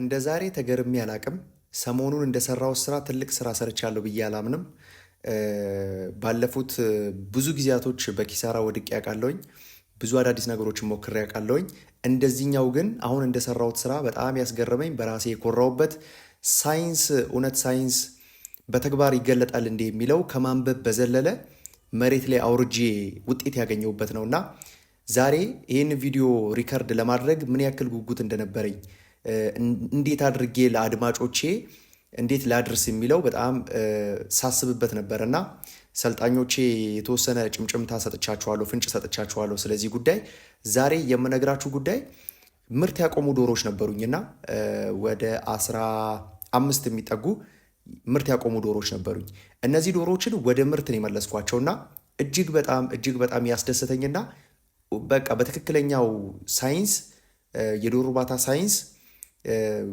እንደ ዛሬ ተገርሜ አላቅም። ሰሞኑን እንደሰራው ስራ ትልቅ ስራ ሰርቻለሁ ብዬ አላምንም። ባለፉት ብዙ ጊዜያቶች በኪሳራ ወድቄ ያውቃለውኝ ብዙ አዳዲስ ነገሮችን ሞክሬ ያውቃለውኝ። እንደዚህኛው ግን አሁን እንደሰራሁት ስራ በጣም ያስገረመኝ፣ በራሴ የኮራውበት ሳይንስ እውነት ሳይንስ በተግባር ይገለጣል እንዴ የሚለው ከማንበብ በዘለለ መሬት ላይ አውርጄ ውጤት ያገኘሁበት ነውና ዛሬ ይህን ቪዲዮ ሪከርድ ለማድረግ ምን ያክል ጉጉት እንደነበረኝ እንዴት አድርጌ ለአድማጮቼ እንዴት ላድርስ የሚለው በጣም ሳስብበት ነበር እና ሰልጣኞቼ የተወሰነ ጭምጭምታ ሰጥቻችኋለሁ፣ ፍንጭ ሰጥቻችኋለሁ ስለዚህ ጉዳይ። ዛሬ የምነግራችሁ ጉዳይ ምርት ያቆሙ ዶሮዎች ነበሩኝና ወደ አስራ አምስት የሚጠጉ ምርት ያቆሙ ዶሮዎች ነበሩኝ። እነዚህ ዶሮዎችን ወደ ምርት ነው የመለስኳቸውና እጅግ በጣም እጅግ በጣም ያስደሰተኝና በቃ በትክክለኛው ሳይንስ የዶሮ እርባታ ሳይንስ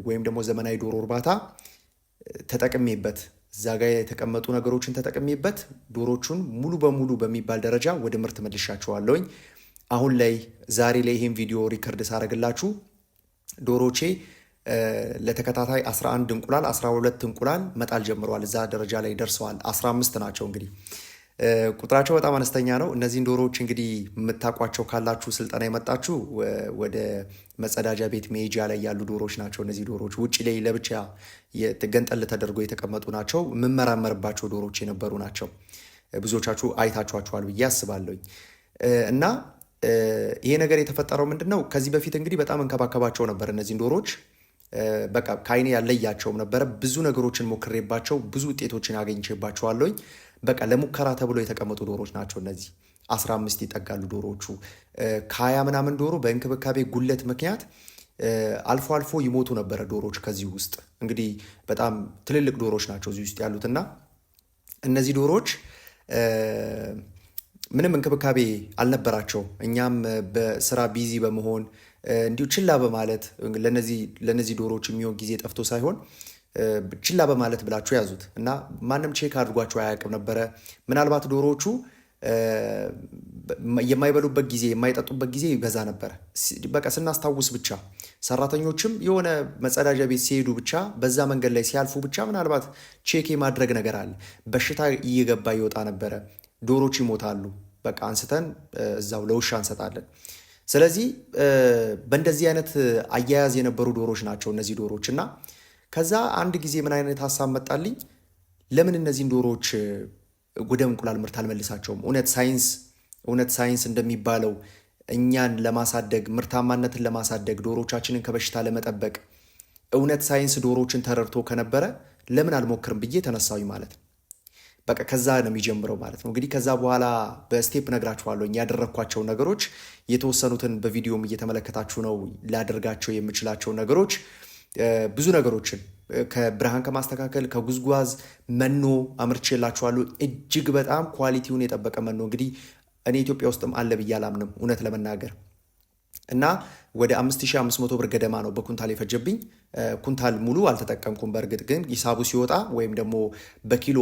ወይም ደግሞ ዘመናዊ ዶሮ እርባታ ተጠቅሜበት እዛ ጋ የተቀመጡ ነገሮችን ተጠቅሜበት ዶሮቹን ሙሉ በሙሉ በሚባል ደረጃ ወደ ምርት መልሻቸዋለውኝ። አሁን ላይ ዛሬ ላይ ይህን ቪዲዮ ሪከርድ ሳረግላችሁ ዶሮቼ ለተከታታይ 11 እንቁላል 12 እንቁላል መጣል ጀምረዋል። እዛ ደረጃ ላይ ደርሰዋል። 15 ናቸው እንግዲህ ቁጥራቸው በጣም አነስተኛ ነው። እነዚህን ዶሮዎች እንግዲህ የምታውቋቸው ካላችሁ ስልጠና የመጣችሁ ወደ መጸዳጃ ቤት መሄጃ ላይ ያሉ ዶሮዎች ናቸው። እነዚህ ዶሮዎች ውጭ ላይ ለብቻ ገንጠል ተደርገው የተቀመጡ ናቸው። የምመራመርባቸው ዶሮዎች የነበሩ ናቸው። ብዙዎቻችሁ አይታችኋቸዋል ብዬ አስባለሁኝ እና ይሄ ነገር የተፈጠረው ምንድን ነው? ከዚህ በፊት እንግዲህ በጣም እንከባከባቸው ነበር እነዚህን ዶሮዎች በቃ ከአይኔ ያለያቸውም ነበረ። ብዙ ነገሮችን ሞክሬባቸው ብዙ ውጤቶችን አገኝቼባቸዋለሁኝ። በቃ ለሙከራ ተብሎ የተቀመጡ ዶሮዎች ናቸው እነዚህ። 15 ይጠጋሉ ዶሮዎቹ። ከሀያ ምናምን ዶሮ በእንክብካቤ ጉለት ምክንያት አልፎ አልፎ ይሞቱ ነበረ ዶሮዎች። ከዚህ ውስጥ እንግዲህ በጣም ትልልቅ ዶሮዎች ናቸው እዚህ ውስጥ ያሉት እና እነዚህ ዶሮዎች ምንም እንክብካቤ አልነበራቸው። እኛም በስራ ቢዚ በመሆን እንዲሁ ችላ በማለት ለነዚህ ዶሮዎች የሚሆን ጊዜ ጠፍቶ ሳይሆን ችላ በማለት ብላችሁ ያዙት እና ማንም ቼክ አድርጓቸው አያውቅም ነበረ። ምናልባት ዶሮዎቹ የማይበሉበት ጊዜ የማይጠጡበት ጊዜ ይበዛ ነበረ። በቃ ስናስታውስ ብቻ ሰራተኞችም የሆነ መጸዳጃ ቤት ሲሄዱ ብቻ በዛ መንገድ ላይ ሲያልፉ ብቻ ምናልባት ቼክ የማድረግ ነገር አለ። በሽታ እየገባ ይወጣ ነበረ። ዶሮች ይሞታሉ። በቃ አንስተን እዛው ለውሻ እንሰጣለን። ስለዚህ በእንደዚህ አይነት አያያዝ የነበሩ ዶሮች ናቸው እነዚህ ዶሮች እና ከዛ አንድ ጊዜ ምን አይነት ሀሳብ መጣልኝ፣ ለምን እነዚህን ዶሮዎች ወደ እንቁላል ምርት አልመልሳቸውም? እውነት ሳይንስ እውነት ሳይንስ እንደሚባለው እኛን ለማሳደግ ምርታማነትን ለማሳደግ ዶሮቻችንን ከበሽታ ለመጠበቅ እውነት ሳይንስ ዶሮዎችን ተረድቶ ከነበረ ለምን አልሞክርም ብዬ ተነሳዊ ማለት ነው። በቃ ከዛ ነው የሚጀምረው ማለት ነው። እንግዲህ ከዛ በኋላ በስቴፕ ነግራችኋለሁ ያደረግኳቸው ነገሮች የተወሰኑትን በቪዲዮም እየተመለከታችሁ ነው ላደርጋቸው የምችላቸው ነገሮች ብዙ ነገሮችን ከብርሃን ከማስተካከል ከጉዝጓዝ መኖ አምርቼላችኋለሁ። እጅግ በጣም ኳሊቲውን የጠበቀ መኖ እንግዲህ እኔ ኢትዮጵያ ውስጥም አለ ብዬ አላምንም እውነት ለመናገር እና ወደ 5500 ብር ገደማ ነው በኩንታል የፈጀብኝ። ኩንታል ሙሉ አልተጠቀምኩም። በእርግጥ ግን ሂሳቡ ሲወጣ ወይም ደግሞ በኪሎ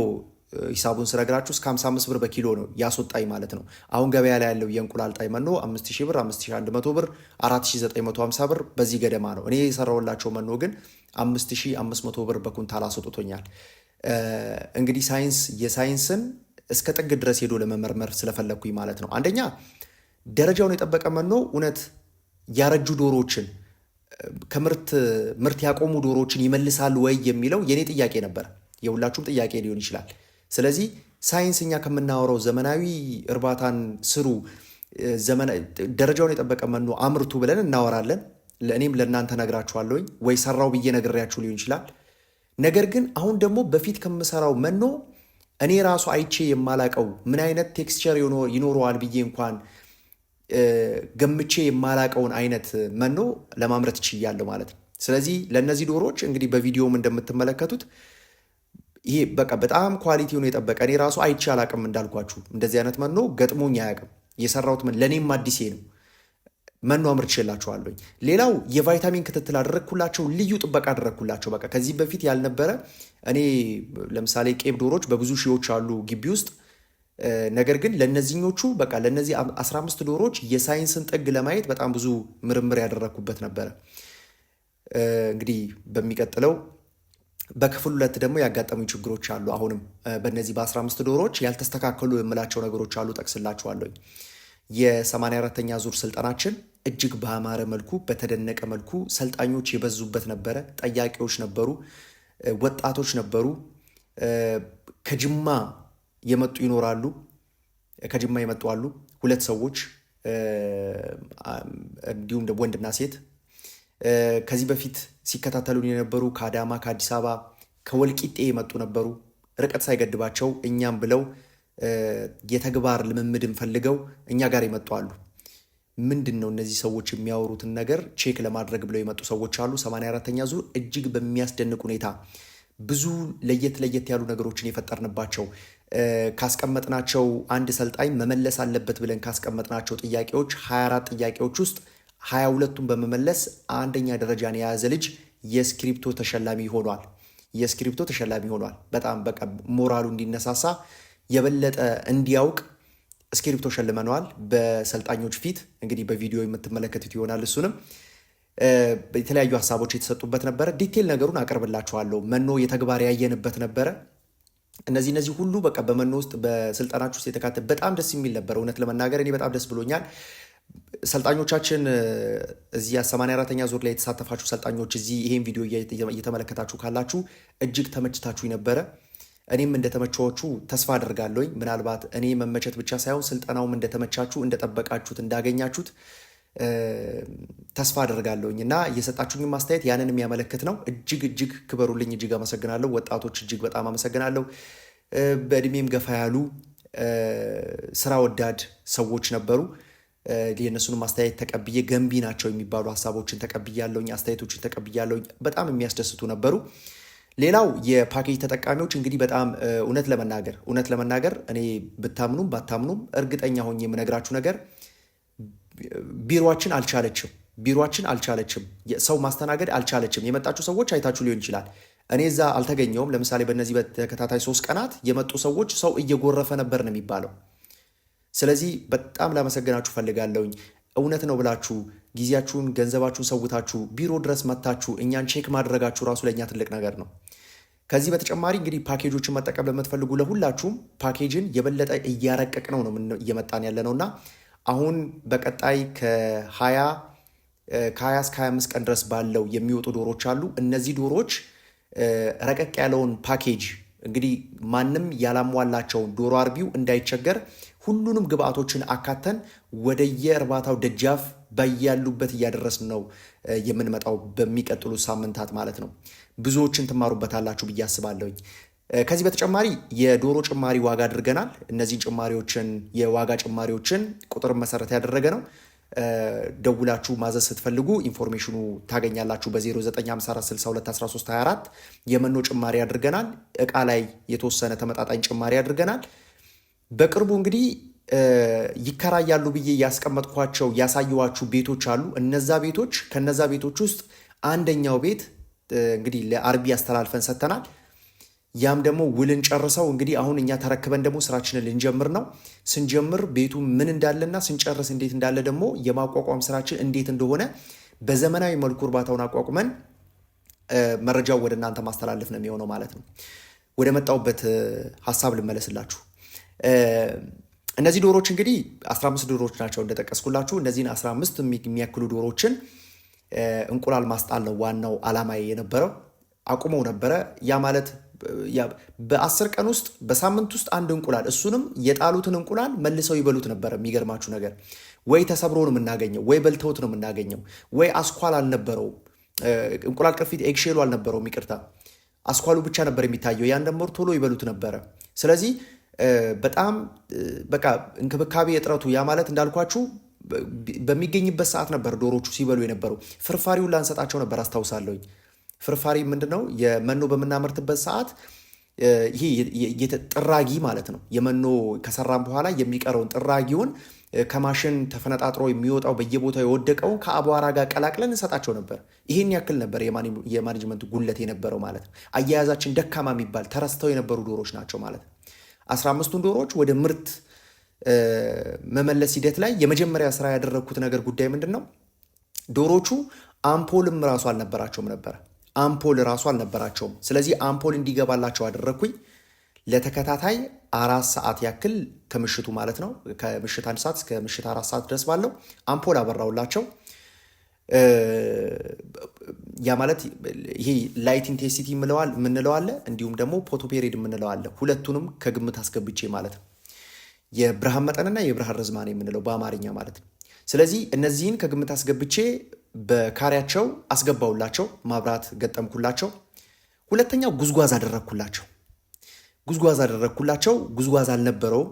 ሂሳቡን ስነግራችሁ እስከ 55 ብር በኪሎ ነው ያስወጣኝ ማለት ነው። አሁን ገበያ ላይ ያለው የእንቁላል ጣይ መኖ 5000 ብር፣ 5100 ብር፣ 4950 ብር በዚህ ገደማ ነው። እኔ የሰራውላቸው መኖ ግን 5500 ብር በኩንታል አስወጥቶኛል። እንግዲህ ሳይንስ የሳይንስን እስከ ጥግ ድረስ ሄዶ ለመመርመር ስለፈለግኩኝ ማለት ነው። አንደኛ ደረጃውን የጠበቀ መኖ እውነት ያረጁ ዶሮዎችን ከምርት ምርት ያቆሙ ዶሮዎችን ይመልሳል ወይ የሚለው የእኔ ጥያቄ ነበር። የሁላችሁም ጥያቄ ሊሆን ይችላል። ስለዚህ ሳይንስ እኛ ከምናወራው ዘመናዊ እርባታን ስሩ፣ ደረጃውን የጠበቀ መኖ አምርቱ ብለን እናወራለን። ለእኔም ለእናንተ ነግራችኋለሁኝ ወይ ሰራው ብዬ ነግሬያችሁ ሊሆን ይችላል። ነገር ግን አሁን ደግሞ በፊት ከምሰራው መኖ እኔ ራሱ አይቼ የማላቀው ምን አይነት ቴክስቸር ይኖረዋል ብዬ እንኳን ገምቼ የማላቀውን አይነት መኖ ለማምረት ችያለሁ ማለት ነው። ስለዚህ ለእነዚህ ዶሮዎች እንግዲህ በቪዲዮም እንደምትመለከቱት ይሄ በቃ በጣም ኳሊቲውን የጠበቀ እኔ ራሱ አይቼ አላቅም። እንዳልኳችሁ እንደዚህ አይነት መኖ ገጥሞኝ አያቅም። የሰራሁት ምን ለእኔም አዲሴ ነው። መኖ አምርቼላችኋለሁኝ። ሌላው የቫይታሚን ክትትል አደረግኩላቸው፣ ልዩ ጥበቃ አደረግኩላቸው። በቃ ከዚህ በፊት ያልነበረ እኔ ለምሳሌ ቄብ ዶሮች በብዙ ሺዎች አሉ ግቢ ውስጥ ነገር ግን ለነዚኞቹ በቃ ለእነዚህ 15 ዶሮች የሳይንስን ጥግ ለማየት በጣም ብዙ ምርምር ያደረግኩበት ነበረ። እንግዲህ በሚቀጥለው በክፍል ሁለት ደግሞ ያጋጠሙ ችግሮች አሉ። አሁንም በእነዚህ በ15 ዶሮዎች ያልተስተካከሉ የምላቸው ነገሮች አሉ፣ ጠቅስላችኋለሁ። የ84ተኛ ዙር ስልጠናችን እጅግ በአማረ መልኩ በተደነቀ መልኩ ሰልጣኞች የበዙበት ነበረ። ጠያቂዎች ነበሩ፣ ወጣቶች ነበሩ፣ ከጅማ የመጡ ይኖራሉ፣ ከጅማ የመጡ አሉ፣ ሁለት ሰዎች እንዲሁም ወንድና ሴት ከዚህ በፊት ሲከታተሉን የነበሩ ከአዳማ፣ ከአዲስ አበባ፣ ከወልቂጤ የመጡ ነበሩ። ርቀት ሳይገድባቸው እኛም ብለው የተግባር ልምምድን ፈልገው እኛ ጋር ይመጡ አሉ። ምንድን ነው እነዚህ ሰዎች የሚያወሩትን ነገር ቼክ ለማድረግ ብለው የመጡ ሰዎች አሉ። 84ተኛ ዙር እጅግ በሚያስደንቅ ሁኔታ ብዙ ለየት ለየት ያሉ ነገሮችን የፈጠርንባቸው ካስቀመጥናቸው አንድ ሰልጣኝ መመለስ አለበት ብለን ካስቀመጥናቸው ጥያቄዎች 24 ጥያቄዎች ውስጥ ሀያ ሁለቱን በመመለስ አንደኛ ደረጃን የያዘ ልጅ የስክሪፕቶ ተሸላሚ ሆኗል። የስክሪፕቶ ተሸላሚ ሆኗል። በጣም በቃ ሞራሉ እንዲነሳሳ የበለጠ እንዲያውቅ ስክሪፕቶ ሸልመነዋል በሰልጣኞች ፊት። እንግዲህ በቪዲዮ የምትመለከቱት ይሆናል። እሱንም የተለያዩ ሀሳቦች የተሰጡበት ነበረ። ዲቴል ነገሩን አቀርብላችኋለሁ። መኖ የተግባር ያየንበት ነበረ። እነዚህ እነዚህ ሁሉ በቃ በመኖ ውስጥ በስልጠናች ውስጥ የተካተ በጣም ደስ የሚል ነበር። እውነት ለመናገር እኔ በጣም ደስ ብሎኛል። ሰልጣኞቻችን እዚያ 84ኛ ዙር ላይ የተሳተፋችሁ ሰልጣኞች እዚህ ይሄን ቪዲዮ እየተመለከታችሁ ካላችሁ እጅግ ተመችታችሁ ነበረ። እኔም እንደተመቻችሁ ተስፋ አደርጋለሁኝ። ምናልባት እኔ መመቸት ብቻ ሳይሆን ስልጠናውም እንደተመቻችሁ፣ እንደጠበቃችሁት፣ እንዳገኛችሁት ተስፋ አድርጋለሁኝ እና የሰጣችሁኝ ማስተያየት ያንን የሚያመለክት ነው። እጅግ እጅግ ክበሩልኝ። እጅግ አመሰግናለሁ። ወጣቶች እጅግ በጣም አመሰግናለሁ። በእድሜም ገፋ ያሉ ስራ ወዳድ ሰዎች ነበሩ። የእነሱን አስተያየት ተቀብዬ ገንቢ ናቸው የሚባሉ ሀሳቦችን ተቀብያለሁኝ፣ አስተያየቶችን ተቀብያለሁኝ። በጣም የሚያስደስቱ ነበሩ። ሌላው የፓኬጅ ተጠቃሚዎች እንግዲህ በጣም እውነት ለመናገር እውነት ለመናገር እኔ ብታምኑም ባታምኑም እርግጠኛ ሆኜ የምነግራችሁ ነገር ቢሮችን አልቻለችም። ቢሮችን አልቻለችም። ሰው ማስተናገድ አልቻለችም። የመጣችሁ ሰዎች አይታችሁ ሊሆን ይችላል። እኔ እዛ አልተገኘውም። ለምሳሌ በእነዚህ በተከታታይ ሶስት ቀናት የመጡ ሰዎች ሰው እየጎረፈ ነበር ነው የሚባለው ስለዚህ በጣም ላመሰግናችሁ ፈልጋለሁኝ። እውነት ነው ብላችሁ ጊዜያችሁን፣ ገንዘባችሁን ሰውታችሁ ቢሮ ድረስ መታችሁ እኛን ቼክ ማድረጋችሁ ራሱ ለእኛ ትልቅ ነገር ነው። ከዚህ በተጨማሪ እንግዲህ ፓኬጆችን መጠቀም ለምትፈልጉ ለሁላችሁም ፓኬጅን የበለጠ እያረቀቅ ነው ነው እየመጣን ያለ ነው እና አሁን በቀጣይ ከሀያ ከሀያ እስከ ሀያ አምስት ቀን ድረስ ባለው የሚወጡ ዶሮዎች አሉ። እነዚህ ዶሮዎች ረቀቅ ያለውን ፓኬጅ እንግዲህ ማንም ያላሟላቸውን ዶሮ አርቢው እንዳይቸገር ሁሉንም ግብአቶችን አካተን ወደ የእርባታው ደጃፍ በያሉበት እያደረስን ነው የምንመጣው በሚቀጥሉ ሳምንታት ማለት ነው። ብዙዎችን ትማሩበታላችሁ ብዬ አስባለሁኝ። ከዚህ በተጨማሪ የዶሮ ጭማሪ ዋጋ አድርገናል። እነዚህን ጭማሪዎችን የዋጋ ጭማሪዎችን ቁጥር መሰረት ያደረገ ነው። ደውላችሁ ማዘዝ ስትፈልጉ ኢንፎርሜሽኑ ታገኛላችሁ። በ0954621324 የመኖ ጭማሪ አድርገናል። እቃ ላይ የተወሰነ ተመጣጣኝ ጭማሪ አድርገናል። በቅርቡ እንግዲህ ይከራያሉ ብዬ ያስቀመጥኳቸው ያሳየኋችሁ ቤቶች አሉ። እነዛ ቤቶች ከነዛ ቤቶች ውስጥ አንደኛው ቤት እንግዲህ ለአርቢ አስተላልፈን ሰጥተናል። ያም ደግሞ ውልን ጨርሰው እንግዲህ አሁን እኛ ተረክበን ደግሞ ስራችንን ልንጀምር ነው። ስንጀምር ቤቱ ምን እንዳለና ስንጨርስ እንዴት እንዳለ ደግሞ የማቋቋም ስራችን እንዴት እንደሆነ በዘመናዊ መልኩ እርባታውን አቋቁመን መረጃው ወደ እናንተ ማስተላለፍ ነው የሚሆነው ማለት ነው። ወደ መጣሁበት ሀሳብ ልመለስላችሁ። እነዚህ ዶሮዎች እንግዲህ 15 ዶሮዎች ናቸው እንደጠቀስኩላችሁ። እነዚህን 15 የሚያክሉ ዶሮዎችን እንቁላል ማስጣል ነው ዋናው አላማ የነበረው። አቁመው ነበረ። ያ ማለት በአስር ቀን ውስጥ በሳምንት ውስጥ አንድ እንቁላል እሱንም የጣሉትን እንቁላል መልሰው ይበሉት ነበረ። የሚገርማችሁ ነገር ወይ ተሰብሮ ነው የምናገኘው፣ ወይ በልተውት ነው የምናገኘው፣ ወይ አስኳል አልነበረው እንቁላል ቅርፊት ኤግሼሉ አልነበረውም፣ ይቅርታ፣ አስኳሉ ብቻ ነበር የሚታየው። ያን ደሞር ቶሎ ይበሉት ነበረ። ስለዚህ በጣም በቃ እንክብካቤ እጥረቱ ያ ማለት እንዳልኳችሁ በሚገኝበት ሰዓት ነበር ዶሮቹ ሲበሉ የነበረው። ፍርፋሪውን ላንሰጣቸው ነበር አስታውሳለሁኝ። ፍርፋሪ ምንድነው? የመኖ በምናመርትበት ሰዓት ይሄ ጥራጊ ማለት ነው። የመኖ ከሰራም በኋላ የሚቀረውን ጥራጊውን ከማሽን ተፈነጣጥሮ የሚወጣው በየቦታው የወደቀውን ከአቧራ ጋር ቀላቅለን እንሰጣቸው ነበር። ይሄን ያክል ነበር የማኔጅመንት ጉለት የነበረው ማለት ነው። አያያዛችን ደካማ የሚባል ተረስተው የነበሩ ዶሮች ናቸው ማለት ነው። አስራ ቱን ዶሮዎች ወደ ምርት መመለስ ሂደት ላይ የመጀመሪያ ስራ ያደረግኩት ነገር ጉዳይ ምንድን ነው? ዶሮቹ አምፖልም ራሱ አልነበራቸውም ነበረ። አምፖል ራሱ አልነበራቸውም። ስለዚህ አምፖል እንዲገባላቸው አደረግኩኝ። ለተከታታይ አራት ሰዓት ያክል ከምሽቱ ማለት ነው ከምሽት አንድ ሰዓት እስከ ምሽት አራት ሰዓት ድረስ ባለው አምፖል አበራውላቸው። ያ ማለት ይሄ ላይት ኢንቴንሲቲ የምንለው አለ፣ እንዲሁም ደግሞ ፖቶፔሬድ የምንለው አለ። ሁለቱንም ከግምት አስገብቼ ማለት ነው። የብርሃን መጠንና የብርሃን ርዝማኔ የምንለው በአማርኛ ማለት ነው። ስለዚህ እነዚህን ከግምት አስገብቼ በካሪያቸው አስገባውላቸው፣ ማብራት ገጠምኩላቸው። ሁለተኛው ጉዝጓዝ አደረግኩላቸው። ጉዝጓዝ አደረግኩላቸው። ጉዝጓዝ አልነበረውም፣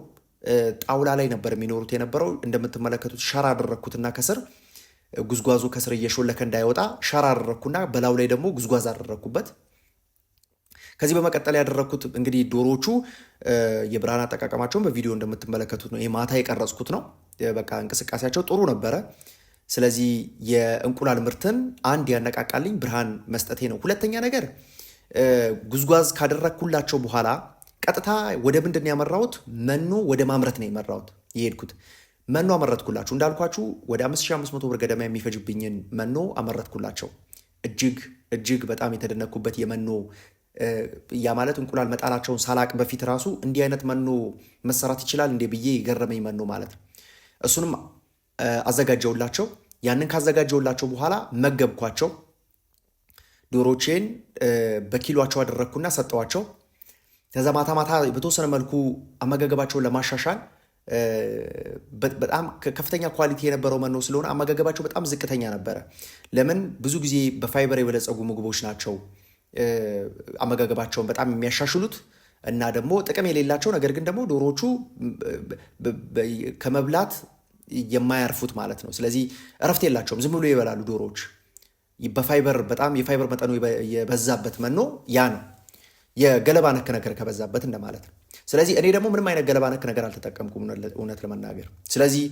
ጣውላ ላይ ነበር የሚኖሩት የነበረው። እንደምትመለከቱት ሸራ አደረግኩትና ከስር ጉዝጓዙ ከስር እየሾለከ እንዳይወጣ ሸራ አደረግኩና በላዩ ላይ ደግሞ ጉዝጓዝ አደረግኩበት። ከዚህ በመቀጠል ያደረግኩት እንግዲህ ዶሮቹ የብርሃን አጠቃቀማቸውን በቪዲዮ እንደምትመለከቱት ነው። ይህ ማታ የቀረጽኩት ነው። በቃ እንቅስቃሴያቸው ጥሩ ነበረ። ስለዚህ የእንቁላል ምርትን አንድ ያነቃቃልኝ ብርሃን መስጠቴ ነው። ሁለተኛ ነገር ጉዝጓዝ ካደረግኩላቸው በኋላ ቀጥታ ወደ ምንድን ያመራሁት መኖ ወደ ማምረት ነው የመራሁት የሄድኩት። መኖ አመረትኩላችሁ። እንዳልኳችሁ ወደ 5500 ብር ገደማ የሚፈጅብኝን መኖ አመረትኩላቸው። እጅግ እጅግ በጣም የተደነኩበት የመኖ ያ ማለት እንቁላል መጣላቸውን ሳላቅ በፊት ራሱ እንዲህ አይነት መኖ መሰራት ይችላል እንዴ ብዬ የገረመኝ መኖ ማለት ነው። እሱንም አዘጋጀውላቸው። ያንን ካዘጋጀውላቸው በኋላ መገብኳቸው። ዶሮቼን በኪሏቸው አደረግኩና ሰጠዋቸው። ከዛ ማታ ማታ በተወሰነ መልኩ አመጋገባቸውን ለማሻሻል በጣም ከፍተኛ ኳሊቲ የነበረው መኖ ስለሆነ አመጋገባቸው በጣም ዝቅተኛ ነበረ። ለምን ብዙ ጊዜ በፋይበር የበለጸጉ ምግቦች ናቸው አመጋገባቸውን በጣም የሚያሻሽሉት እና ደግሞ ጥቅም የሌላቸው ነገር ግን ደግሞ ዶሮዎቹ ከመብላት የማያርፉት ማለት ነው። ስለዚህ እረፍት የላቸውም፣ ዝም ብሎ ይበላሉ ዶሮዎች። በፋይበር በጣም የፋይበር መጠኑ የበዛበት መኖ ያ ነው። የገለባ ነክ ነገር ከበዛበት እንደማለት ነው። ስለዚህ እኔ ደግሞ ምንም አይነት ገለባ ነክ ነገር አልተጠቀምኩም እውነት ለመናገር ስለዚህ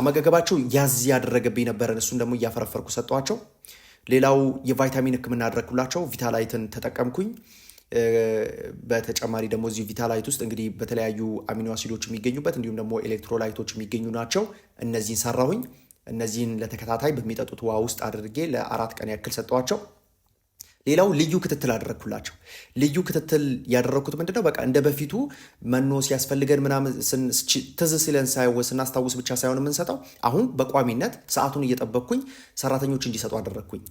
አመጋገባቸው ያዝ ያደረገብኝ ነበረን። እሱን ደግሞ እያፈረፈርኩ ሰጠኋቸው። ሌላው የቫይታሚን ህክምና አደረግኩላቸው። ቪታላይትን ተጠቀምኩኝ። በተጨማሪ ደግሞ እዚህ ቪታላይት ውስጥ እንግዲህ በተለያዩ አሚኖ አሲዶች የሚገኙበት እንዲሁም ደግሞ ኤሌክትሮላይቶች የሚገኙ ናቸው። እነዚህን ሰራሁኝ። እነዚህን ለተከታታይ በሚጠጡት ውሃ ውስጥ አድርጌ ለአራት ቀን ያክል ሰጠዋቸው። ሌላው ልዩ ክትትል አደረግኩላቸው። ልዩ ክትትል ያደረግኩት ምንድነው በቃ እንደ በፊቱ መኖ ሲያስፈልገን ምናምን ትዝ ሲለን ስናስታውስ ብቻ ሳይሆን የምንሰጠው አሁን በቋሚነት ሰዓቱን እየጠበቅኩኝ ሰራተኞች እንዲሰጡ አደረግኩኝ።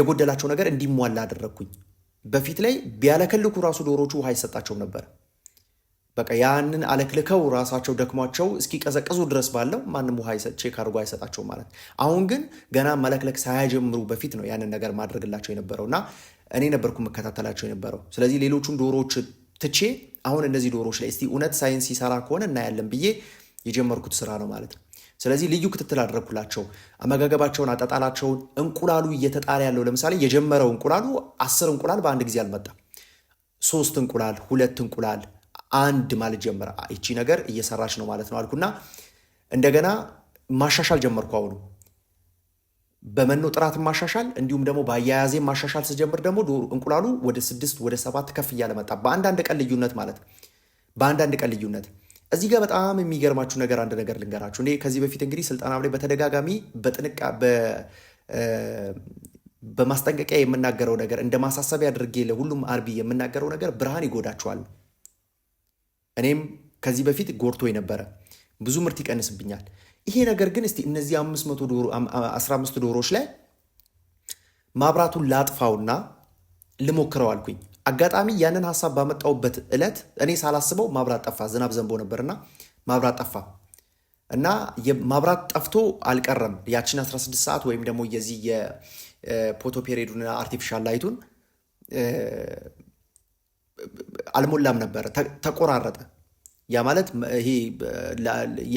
የጎደላቸው ነገር እንዲሟላ አደረግኩኝ። በፊት ላይ ቢያለከልኩ ራሱ ዶሮቹ ውሃ አይሰጣቸውም ነበር። በቃ ያንን አለክልከው ራሳቸው ደክሟቸው እስኪቀዘቅዙ ድረስ ባለው ማንም ውሃ ቼክ አድርጎ አይሰጣቸው ማለት። አሁን ግን ገና መለክለክ ሳያጀምሩ በፊት ነው ያንን ነገር ማድረግላቸው የነበረው እና እኔ ነበርኩ መከታተላቸው የነበረው። ስለዚህ ሌሎቹን ዶሮዎች ትቼ አሁን እነዚህ ዶሮዎች ላይ እስቲ እውነት ሳይንስ ይሰራ ከሆነ እናያለን ብዬ የጀመርኩት ስራ ነው ማለት ነው። ስለዚህ ልዩ ክትትል አደረግኩላቸው። አመጋገባቸውን፣ አጠጣላቸውን፣ እንቁላሉ እየተጣለ ያለው ለምሳሌ የጀመረው እንቁላሉ አስር እንቁላል በአንድ ጊዜ አልመጣም። ሶስት እንቁላል፣ ሁለት እንቁላል አንድ ማለት ጀመረ። ይቺ ነገር እየሰራች ነው ማለት ነው አልኩና እንደገና ማሻሻል ጀመርኩ። አሁኑ በመኖ ጥራት ማሻሻል እንዲሁም ደግሞ በአያያዜ ማሻሻል ስጀምር ደግሞ እንቁላሉ ወደ ስድስት ወደ ሰባት ከፍ እያለ መጣ። በአንዳንድ ቀን ልዩነት ማለት በአንዳንድ ቀን ልዩነት። እዚህ ጋር በጣም የሚገርማችሁ ነገር አንድ ነገር ልንገራችሁ። እኔ ከዚህ በፊት እንግዲህ ስልጠና ላይ በተደጋጋሚ በማስጠንቀቂያ የምናገረው ነገር እንደ ማሳሰቢያ አድርጌ ለሁሉም አርቢ የምናገረው ነገር ብርሃን ይጎዳችኋል። እኔም ከዚህ በፊት ጎርቶ የነበረ ብዙ ምርት ይቀንስብኛል። ይሄ ነገር ግን እስቲ እነዚህ 15 ዶሮዎች ላይ ማብራቱን ላጥፋውና ልሞክረው አልኩኝ። አጋጣሚ ያንን ሀሳብ ባመጣውበት እለት እኔ ሳላስበው ማብራት ጠፋ። ዝናብ ዘንቦ ነበርና ማብራት ጠፋ እና ማብራት ጠፍቶ አልቀረም። ያችን 16 ሰዓት ወይም ደግሞ የዚህ የፖቶ ፔሬዱንና አርቲፊሻል ላይቱን አልሞላም ነበረ፣ ተቆራረጠ። ያ ማለት ይሄ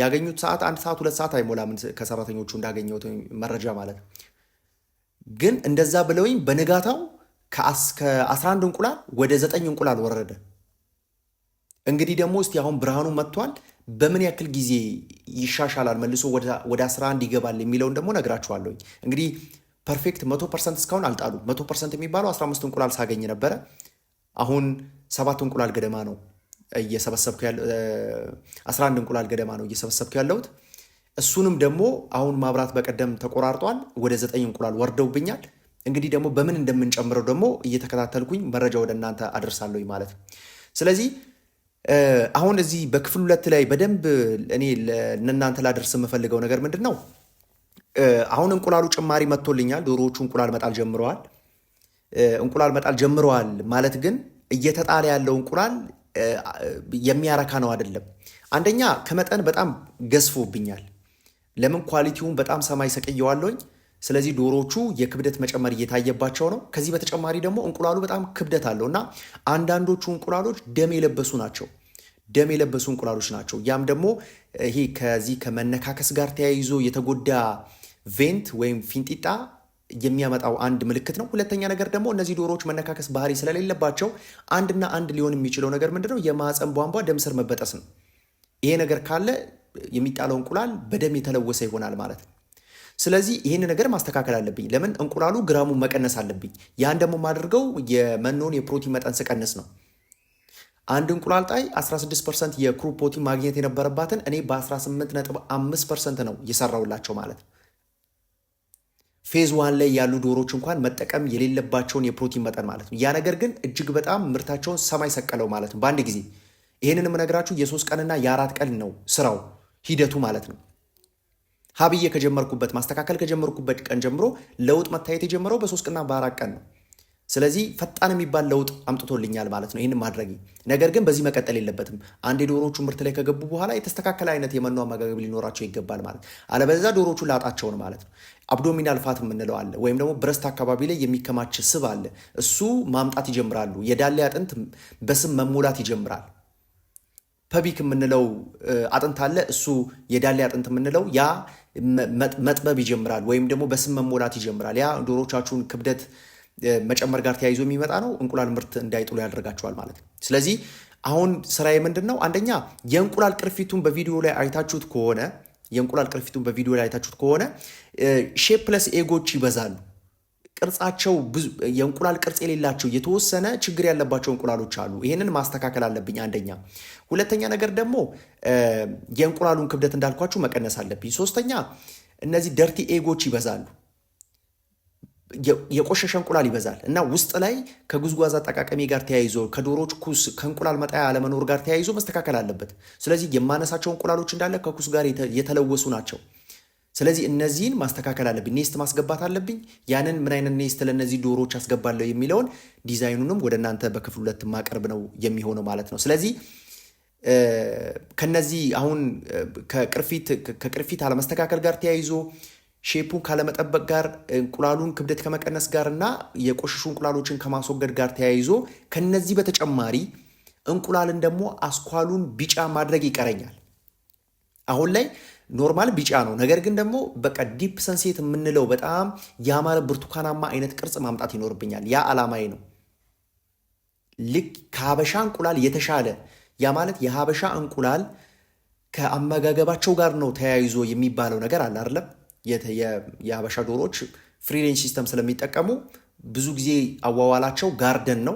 ያገኙት ሰዓት አንድ ሰዓት ሁለት ሰዓት አይሞላም ከሰራተኞቹ እንዳገኘሁት መረጃ ማለት ግን እንደዛ ብለውኝ በንጋታው ከ11 እንቁላል ወደ ዘጠኝ እንቁላል ወረደ። እንግዲህ ደግሞ እስቲ አሁን ብርሃኑ መጥቷል፣ በምን ያክል ጊዜ ይሻሻላል መልሶ ወደ 11 ይገባል የሚለውን ደግሞ ነግራችኋለሁኝ። እንግዲህ ፐርፌክት መቶ ፐርሰንት እስካሁን አልጣሉ። መቶ ፐርሰንት የሚባለው 15 እንቁላል ሳገኝ ነበረ አሁን ሰባት እንቁላል ገደማ ነው እየሰበሰብኩ ያለው 11 እንቁላል ገደማ ነው እየሰበሰብኩ ያለሁት። እሱንም ደግሞ አሁን ማብራት በቀደም ተቆራርጧል፣ ወደ ዘጠኝ እንቁላል ወርደውብኛል። እንግዲህ ደግሞ በምን እንደምንጨምረው ደግሞ እየተከታተልኩኝ መረጃ ወደ እናንተ አደርሳለሁኝ ማለት ነው። ስለዚህ አሁን እዚህ በክፍል ሁለት ላይ በደንብ እኔ ለእናንተ ላደርስ የምፈልገው ነገር ምንድን ነው? አሁን እንቁላሉ ጭማሪ መጥቶልኛል። ዶሮዎቹ እንቁላል መጣል ጀምረዋል። እንቁላል መጣል ጀምረዋል ማለት ግን እየተጣለ ያለው እንቁላል የሚያረካ ነው አይደለም። አንደኛ ከመጠን በጣም ገዝፎብኛል። ለምን ኳሊቲውን በጣም ሰማይ ሰቅየዋለኝ። ስለዚህ ዶሮዎቹ የክብደት መጨመር እየታየባቸው ነው። ከዚህ በተጨማሪ ደግሞ እንቁላሉ በጣም ክብደት አለው እና አንዳንዶቹ እንቁላሎች ደም የለበሱ ናቸው ደም የለበሱ እንቁላሎች ናቸው። ያም ደግሞ ይሄ ከዚህ ከመነካከስ ጋር ተያይዞ የተጎዳ ቬንት ወይም ፊንጢጣ የሚያመጣው አንድ ምልክት ነው። ሁለተኛ ነገር ደግሞ እነዚህ ዶሮዎች መነካከስ ባህሪ ስለሌለባቸው አንድና አንድ ሊሆን የሚችለው ነገር ምንድነው? የማህፀን ቧንቧ ደም ስር መበጠስ ነው። ይሄ ነገር ካለ የሚጣለው እንቁላል በደም የተለወሰ ይሆናል ማለት ነው። ስለዚህ ይህን ነገር ማስተካከል አለብኝ። ለምን እንቁላሉ ግራሙን መቀነስ አለብኝ። ያን ደግሞ ማድርገው የመኖን የፕሮቲን መጠን ስቀንስ ነው። አንድ እንቁላል ጣይ 16 ፐርሰንት የክሩ ፕሮቲን ማግኘት የነበረባትን እኔ በ18.5 ፐርሰንት ነው የሰራውላቸው ማለት ነው። ፌዝ ዋን ላይ ያሉ ዶሮዎች እንኳን መጠቀም የሌለባቸውን የፕሮቲን መጠን ማለት ነው። ያ ነገር ግን እጅግ በጣም ምርታቸውን ሰማይ ሰቀለው ማለት ነው በአንድ ጊዜ። ይህንን የምነግራችሁ የሶስት ቀንና የአራት ቀን ነው ስራው ሂደቱ ማለት ነው። ሀብዬ ከጀመርኩበት ማስተካከል ከጀመርኩበት ቀን ጀምሮ ለውጥ መታየት የጀመረው በሶስት ቀንና በአራት ቀን ነው። ስለዚህ ፈጣን የሚባል ለውጥ አምጥቶልኛል ማለት ነው ይህን ማድረግ። ነገር ግን በዚህ መቀጠል የለበትም። አንድ የዶሮዎቹ ምርት ላይ ከገቡ በኋላ የተስተካከለ አይነት የመኖ አመጋገብ ሊኖራቸው ይገባል ማለት አለበለዚያ ዶሮቹ ላጣቸውን ማለት ነው። አብዶሚናል ፋት የምንለው አለ ወይም ደግሞ ብረስት አካባቢ ላይ የሚከማች ስብ አለ። እሱ ማምጣት ይጀምራሉ። የዳሌ አጥንት በስብ መሞላት ይጀምራል። ፐቢክ የምንለው አጥንት አለ። እሱ የዳሌ አጥንት የምንለው ያ መጥበብ ይጀምራል፣ ወይም ደግሞ በስብ መሞላት ይጀምራል። ያ ዶሮቻችሁን ክብደት መጨመር ጋር ተያይዞ የሚመጣ ነው። እንቁላል ምርት እንዳይጥሉ ያደርጋቸዋል ማለት ነው። ስለዚህ አሁን ስራዬ ምንድን ነው? አንደኛ የእንቁላል ቅርፊቱን በቪዲዮ ላይ አይታችሁት ከሆነ የእንቁላል ቅርፊቱን በቪዲዮ ላይ አይታችሁት ከሆነ ሼፕለስ ኤጎች ይበዛሉ። ቅርጻቸው ብዙ የእንቁላል ቅርጽ የሌላቸው የተወሰነ ችግር ያለባቸው እንቁላሎች አሉ። ይህንን ማስተካከል አለብኝ አንደኛ። ሁለተኛ ነገር ደግሞ የእንቁላሉን ክብደት እንዳልኳችሁ መቀነስ አለብኝ። ሶስተኛ እነዚህ ደርቲ ኤጎች ይበዛሉ። የቆሸሸ እንቁላል ይበዛል እና ውስጥ ላይ ከጉዝጓዝ አጠቃቀሚ ጋር ተያይዞ ከዶሮች ኩስ ከእንቁላል መጣያ አለመኖር ጋር ተያይዞ መስተካከል አለበት። ስለዚህ የማነሳቸው እንቁላሎች እንዳለ ከኩስ ጋር የተለወሱ ናቸው። ስለዚህ እነዚህን ማስተካከል አለብኝ፣ ኔስት ማስገባት አለብኝ። ያንን ምን አይነት ኔስት ለእነዚህ ዶሮዎች አስገባለሁ የሚለውን ዲዛይኑንም ወደ እናንተ በክፍል ሁለት ማቅረብ ነው የሚሆነው ማለት ነው። ስለዚህ ከነዚህ አሁን ከቅርፊት አለመስተካከል ጋር ተያይዞ ሼፑን ካለመጠበቅ ጋር እንቁላሉን ክብደት ከመቀነስ ጋር እና የቆሸሹ እንቁላሎችን ከማስወገድ ጋር ተያይዞ ከነዚህ በተጨማሪ እንቁላልን ደግሞ አስኳሉን ቢጫ ማድረግ ይቀረኛል። አሁን ላይ ኖርማል ቢጫ ነው። ነገር ግን ደግሞ በቃ ዲፕ ሰንሴት የምንለው በጣም ያማረ ብርቱካናማ አይነት ቅርጽ ማምጣት ይኖርብኛል። ያ አላማዬ ነው። ልክ ከሀበሻ እንቁላል የተሻለ ያ ማለት የሀበሻ እንቁላል ከአመጋገባቸው ጋር ነው ተያይዞ የሚባለው ነገር አለ አይደለም የሀበሻ ዶሮዎች ፍሪ ሬንጅ ሲስተም ስለሚጠቀሙ ብዙ ጊዜ አዋዋላቸው ጋርደን ነው።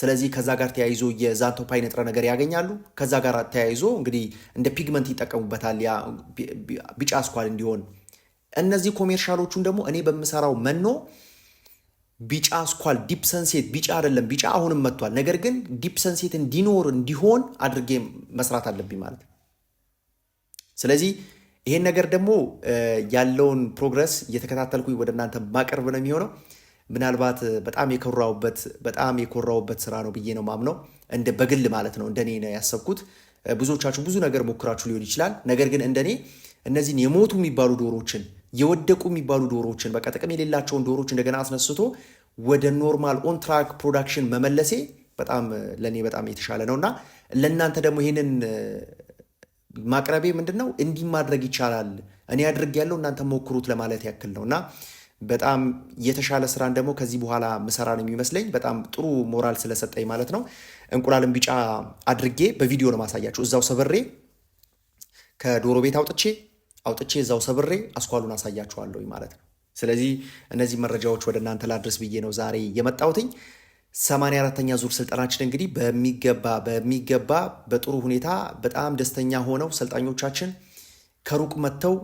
ስለዚህ ከዛ ጋር ተያይዞ የዛንቶፓይ ንጥረ ነገር ያገኛሉ። ከዛ ጋር ተያይዞ እንግዲህ እንደ ፒግመንት ይጠቀሙበታል፣ ቢጫ አስኳል እንዲሆን። እነዚህ ኮሜርሻሎቹን ደግሞ እኔ በምሰራው መኖ ቢጫ አስኳል ዲፕ ሰንሴት፣ ቢጫ አይደለም ቢጫ አሁንም መጥቷል። ነገር ግን ዲፕ ሰንሴት እንዲኖር እንዲሆን አድርጌ መስራት አለብኝ ማለት ስለዚህ ይሄን ነገር ደግሞ ያለውን ፕሮግረስ እየተከታተልኩኝ ወደ እናንተ ማቀርብ ነው የሚሆነው። ምናልባት በጣም የኮራውበት በጣም የኮራውበት ስራ ነው ብዬ ነው ማምነው። እንደ በግል ማለት ነው እንደኔ ነው ያሰብኩት። ብዙዎቻችሁ ብዙ ነገር ሞክራችሁ ሊሆን ይችላል። ነገር ግን እንደኔ እነዚህን የሞቱ የሚባሉ ዶሮዎችን የወደቁ የሚባሉ ዶሮዎችን በቃ ጥቅም የሌላቸውን ዶሮዎች እንደገና አስነስቶ ወደ ኖርማል ኦንትራክ ፕሮዳክሽን መመለሴ በጣም ለእኔ በጣም የተሻለ ነው እና ለእናንተ ደግሞ ይህንን ማቅረቤ ምንድን ነው እንዲህ ማድረግ ይቻላል፣ እኔ አድርግ ያለው እናንተ ሞክሩት ለማለት ያክል ነው እና በጣም የተሻለ ስራን ደግሞ ከዚህ በኋላ ምሰራ ነው የሚመስለኝ። በጣም ጥሩ ሞራል ስለሰጠኝ ማለት ነው። እንቁላልን ቢጫ አድርጌ በቪዲዮ ነው ማሳያችሁ። እዛው ሰብሬ ከዶሮ ቤት አውጥቼ አውጥቼ እዛው ሰብሬ አስኳሉን አሳያችኋለሁ ማለት ነው። ስለዚህ እነዚህ መረጃዎች ወደ እናንተ ላድረስ ብዬ ነው ዛሬ የመጣሁትኝ። ሰማንያ አራተኛ ዙር ስልጠናችን እንግዲህ በሚገባ በሚገባ በጥሩ ሁኔታ በጣም ደስተኛ ሆነው ሰልጣኞቻችን ከሩቅ መጥተው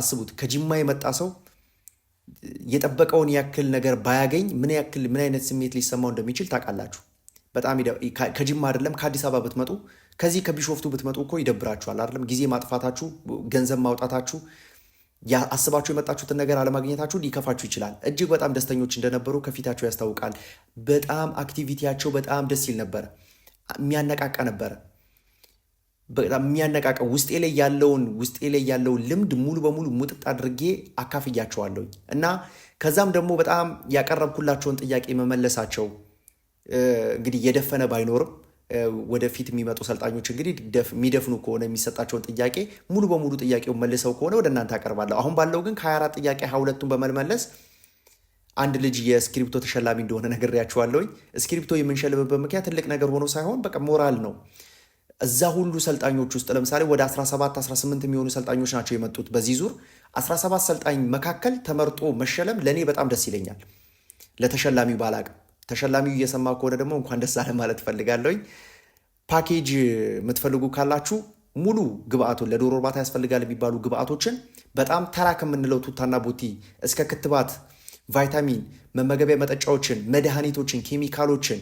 አስቡት፣ ከጅማ የመጣ ሰው የጠበቀውን ያክል ነገር ባያገኝ ምን ያክል ምን አይነት ስሜት ሊሰማው እንደሚችል ታውቃላችሁ። በጣም ከጅማ አይደለም ከአዲስ አበባ ብትመጡ ከዚህ ከቢሾፍቱ ብትመጡ እኮ ይደብራችኋል አይደለም? ጊዜ ማጥፋታችሁ፣ ገንዘብ ማውጣታችሁ፣ አስባችሁ የመጣችሁትን ነገር አለማግኘታችሁ ሊከፋችሁ ይችላል። እጅግ በጣም ደስተኞች እንደነበሩ ከፊታቸው ያስታውቃል። በጣም አክቲቪቲያቸው በጣም ደስ ይል ነበረ፣ የሚያነቃቃ ነበረ። በጣም የሚያነቃቃ ውስጤ ላይ ያለውን ውስጤ ላይ ያለውን ልምድ ሙሉ በሙሉ ሙጥጥ አድርጌ አካፍያቸዋለሁ እና ከዛም ደግሞ በጣም ያቀረብኩላቸውን ጥያቄ መመለሳቸው እንግዲህ የደፈነ ባይኖርም ወደፊት የሚመጡ ሰልጣኞች እንግዲህ የሚደፍኑ ከሆነ የሚሰጣቸውን ጥያቄ ሙሉ በሙሉ ጥያቄውን መልሰው ከሆነ ወደ እናንተ አቀርባለሁ። አሁን ባለው ግን ከ24 ጥያቄ 22ቱን በመልመለስ አንድ ልጅ የእስክሪብቶ ተሸላሚ እንደሆነ ነግሬያችኋለሁኝ። እስክሪብቶ የምንሸልምበት ምክንያት ትልቅ ነገር ሆኖ ሳይሆን በቃ ሞራል ነው። እዛ ሁሉ ሰልጣኞች ውስጥ ለምሳሌ ወደ 17 18 የሚሆኑ ሰልጣኞች ናቸው የመጡት በዚህ ዙር 17 ሰልጣኝ መካከል ተመርጦ መሸለም ለእኔ በጣም ደስ ይለኛል። ለተሸላሚው ባላቅም ተሸላሚው እየሰማ ከሆነ ደግሞ እንኳን ደስ አለ ማለት ፈልጋለኝ። ፓኬጅ የምትፈልጉ ካላችሁ ሙሉ ግብአቱን ለዶሮ እርባታ ያስፈልጋል የሚባሉ ግብአቶችን በጣም ተራ ከምንለው ቱታና ቦቲ እስከ ክትባት፣ ቫይታሚን፣ መመገቢያ መጠጫዎችን፣ መድኃኒቶችን፣ ኬሚካሎችን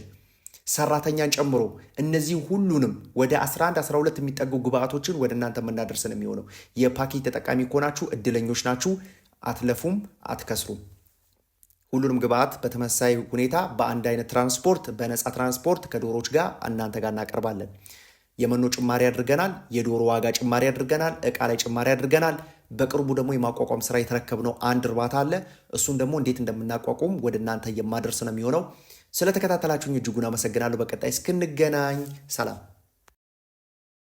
ሰራተኛን ጨምሮ እነዚህ ሁሉንም ወደ 11 12 የሚጠጉ ግብአቶችን ወደ እናንተ የምናደርስን የሚሆነው የፓኬጅ ተጠቃሚ ከሆናችሁ እድለኞች ናችሁ። አትለፉም፣ አትከስሩም። ሁሉንም ግብአት በተመሳሳይ ሁኔታ በአንድ አይነት ትራንስፖርት በነፃ ትራንስፖርት ከዶሮዎች ጋር እናንተ ጋር እናቀርባለን። የመኖ ጭማሪ አድርገናል። የዶሮ ዋጋ ጭማሪ አድርገናል። እቃ ላይ ጭማሪ አድርገናል። በቅርቡ ደግሞ የማቋቋም ስራ የተረከብነው አንድ እርባታ አለ። እሱን ደግሞ እንዴት እንደምናቋቁም ወደ እናንተ የማደርስ ነው የሚሆነው። ስለተከታተላችሁኝ እጅጉን አመሰግናለሁ። በቀጣይ እስክንገናኝ ሰላም።